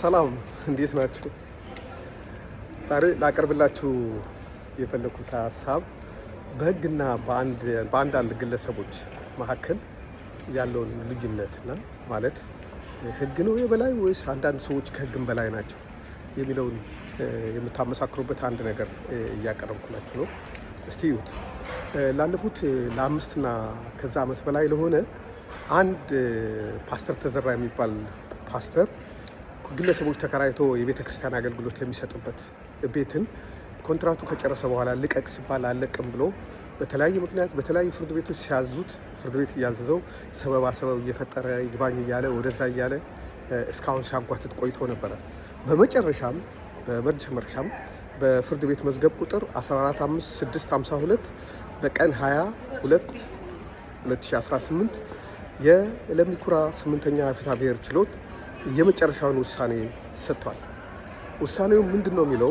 ሰላም እንዴት ናችሁ? ዛሬ ላቀርብላችሁ የፈለኩት ሀሳብ በሕግና በአንዳንድ ግለሰቦች መካከል ያለውን ልዩነትና ማለት ህግ ነው የበላይ ወይስ አንዳንድ ሰዎች ከሕግም በላይ ናቸው የሚለውን የምታመሳክሩበት አንድ ነገር እያቀረብኩላችሁ ነው። እስቲ ይዩት። ላለፉት ለአምስትና ከዛ ዓመት በላይ ለሆነ አንድ ፓስተር ተዘራ የሚባል ፓስተር ግለሰቦች ተከራይቶ የቤተ ክርስቲያን አገልግሎት የሚሰጥበት ቤትን ኮንትራቱ ከጨረሰ በኋላ ልቀቅ ሲባል አለቅም ብሎ በተለያየ ምክንያት በተለያዩ ፍርድ ቤቶች ሲያዙት ፍርድ ቤት እያዘዘው ሰበባ ሰበብ እየፈጠረ ይግባኝ እያለ ወደዛ እያለ እስካሁን ሲያጓትት ቆይቶ ነበረ። በመጨረሻም በመጨረሻም በፍርድ ቤት መዝገብ ቁጥር 145652 በቀን 22 2018 የለሚኩራ ስምንተኛ ፍትሐ ብሔር ችሎት የመጨረሻውን ውሳኔ ሰጥቷል። ውሳኔው ምንድን ነው የሚለው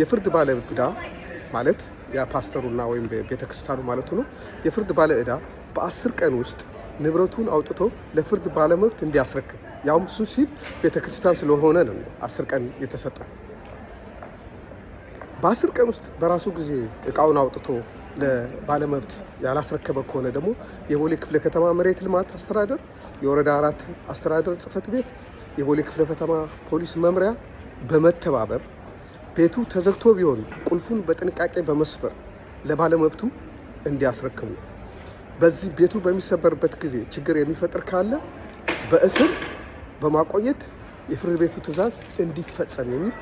የፍርድ ባለ እዳ ማለት የፓስተሩና ወይም ቤተክርስቲያኑ ማለቱ ነው። የፍርድ ባለ እዳ በአስር ቀን ውስጥ ንብረቱን አውጥቶ ለፍርድ ባለመብት እንዲያስረክብ ያውም እሱ ሲል ቤተክርስቲያን ስለሆነ ነው አስር ቀን የተሰጠ። በአስር ቀን ውስጥ በራሱ ጊዜ እቃውን አውጥቶ ለባለመብት ያላስረከበ ከሆነ ደግሞ የቦሌ ክፍለ ከተማ መሬት ልማት አስተዳደር፣ የወረዳ አራት አስተዳደር ጽህፈት ቤት፣ የቦሌ ክፍለ ከተማ ፖሊስ መምሪያ በመተባበር ቤቱ ተዘግቶ ቢሆን ቁልፉን በጥንቃቄ በመስበር ለባለመብቱ እንዲያስረክቡ፣ በዚህ ቤቱ በሚሰበርበት ጊዜ ችግር የሚፈጥር ካለ በእስር በማቆየት የፍርድ ቤቱ ትዕዛዝ እንዲፈጸም የሚል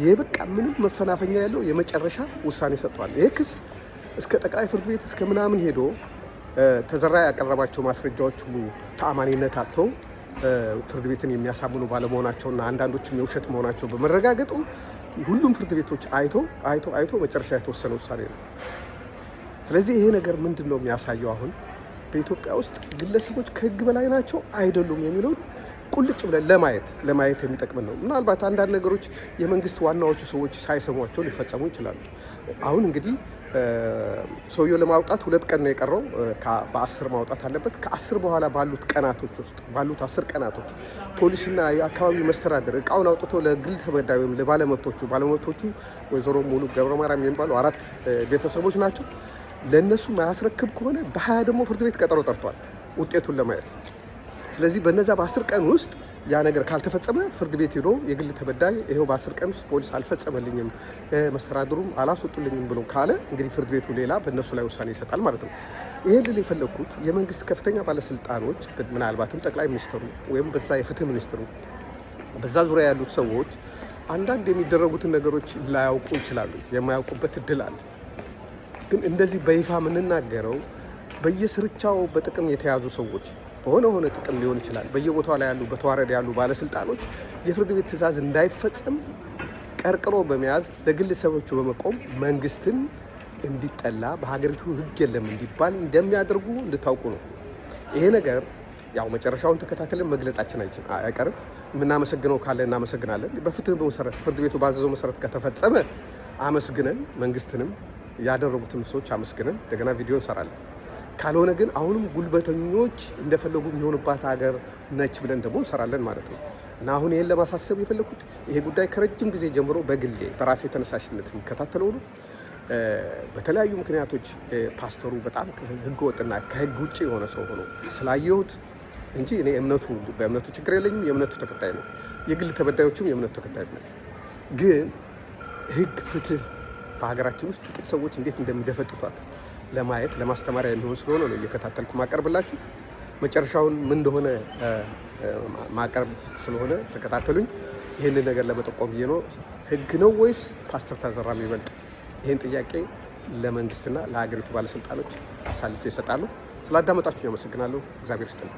ይህ በቃ ምንም መፈናፈኛ ያለው የመጨረሻ ውሳኔ ሰጥቷል። ይህ ክስ እስከ ጠቅላይ ፍርድ ቤት እስከ ምናምን ሄዶ ተዘራ ያቀረባቸው ማስረጃዎች ሁሉ ተአማኒነት አጥተው ፍርድ ቤትን የሚያሳምኑ እና አንዳንዶችም የውሸት መሆናቸው በመረጋገጡ ሁሉም ፍርድ ቤቶች አይቶ አይቶ አይቶ መጨረሻ የተወሰነ ውሳኔ ነው። ስለዚህ ይሄ ነገር ምንድን ነው የሚያሳየው? አሁን በኢትዮጵያ ውስጥ ግለሰቦች ከህግ በላይ ናቸው አይደሉም የሚለውን ቁልጭ ብለን ለማየት ለማየት የሚጠቅም ነው። ምናልባት አንዳንድ ነገሮች የመንግስት ዋናዎቹ ሰዎች ሳይሰሟቸው ሊፈጸሙ ይችላሉ። አሁን እንግዲህ ሰውየው ለማውጣት ሁለት ቀን ነው የቀረው። በአስር ማውጣት አለበት። ከአስር በኋላ ባሉት ቀናቶች ውስጥ ባሉት አስር ቀናቶች ፖሊስና የአካባቢ መስተዳደር እቃውን አውጥቶ ለግል ተበዳይ ወይም ለባለመብቶቹ ባለመብቶቹ ወይዘሮ ሙሉ ገብረማርያም የሚባሉ አራት ቤተሰቦች ናቸው ለእነሱ ማያስረክብ ከሆነ በሀያ ደግሞ ፍርድ ቤት ቀጠሮ ጠርቷል ውጤቱን ለማየት ስለዚህ በነዛ በአስር ቀን ውስጥ ያ ነገር ካልተፈጸመ ፍርድ ቤት ሄዶ የግል ተበዳይ ይሄው በአስር ቀን ውስጥ ፖሊስ አልፈጸመልኝም፣ መስተዳድሩም አላስወጡልኝም ብሎ ካለ እንግዲህ ፍርድ ቤቱ ሌላ በእነሱ ላይ ውሳኔ ይሰጣል ማለት ነው። ይህ ልል የፈለግኩት የመንግስት ከፍተኛ ባለስልጣኖች ምናልባትም ጠቅላይ ሚኒስትሩ ወይም በዛ የፍትህ ሚኒስትሩ በዛ ዙሪያ ያሉት ሰዎች አንዳንድ የሚደረጉትን ነገሮች ላያውቁ ይችላሉ። የማያውቁበት እድል አለ። ግን እንደዚህ በይፋ የምንናገረው በየስርቻው በጥቅም የተያዙ ሰዎች በሆነ ሆነ ጥቅም ሊሆን ይችላል በየቦታው ላይ ያሉ በተዋረድ ያሉ ባለስልጣኖች የፍርድ ቤት ትዕዛዝ እንዳይፈጸም ቀርቅሮ በመያዝ ለግለሰቦቹ በመቆም መንግስትን እንዲጠላ በሀገሪቱ ህግ የለም እንዲባል እንደሚያደርጉ እንድታውቁ ነው። ይሄ ነገር ያው መጨረሻውን ተከታተልን መግለጻችን አይቀርም። የምናመሰግነው ካለ እናመሰግናለን። በፍትህ መሰረት ፍርድ ቤቱ ባዘዘው መሰረት ከተፈጸመ አመስግነን መንግስትንም ያደረጉትን ሰዎች አመስግነን እንደገና ቪዲዮ እንሰራለን። ካልሆነ ግን አሁንም ጉልበተኞች እንደፈለጉ የሚሆኑባት ሀገር ነች ብለን ደግሞ እንሰራለን ማለት ነው እና አሁን ይህን ለማሳሰብ የፈለኩት ይሄ ጉዳይ ከረጅም ጊዜ ጀምሮ በግሌ በራሴ ተነሳሽነት የሚከታተለው ነው። በተለያዩ ምክንያቶች ፓስተሩ በጣም ህገወጥና ከህግ ውጭ የሆነ ሰው ሆኖ ስላየሁት እንጂ እኔ እምነቱ በእምነቱ ችግር የለኝም። የእምነቱ ተከታይ ነው። የግል ተበዳዮችም የእምነቱ ተከታይ ነው። ግን ህግ ፍትህ በሀገራችን ውስጥ ጥቂት ሰዎች እንዴት እንደሚደፈጥቷት ለማየት ለማስተማሪያ የሚሆን ስለሆነ ነው እየከታተልኩ ማቀርብላችሁ። መጨረሻውን ምን እንደሆነ ማቀርብ ስለሆነ ተከታተሉኝ። ይህንን ነገር ለመጠቆም ብዬ ነው። ህግ ነው ወይስ ፓስተር ተዘራ የሚበልጥ? ይህን ጥያቄ ለመንግስትና ለሀገሪቱ ባለስልጣኖች አሳልፎ ይሰጣሉ። ስላዳመጣችሁ አመሰግናለሁ። እግዚአብሔር ይስጥልኝ።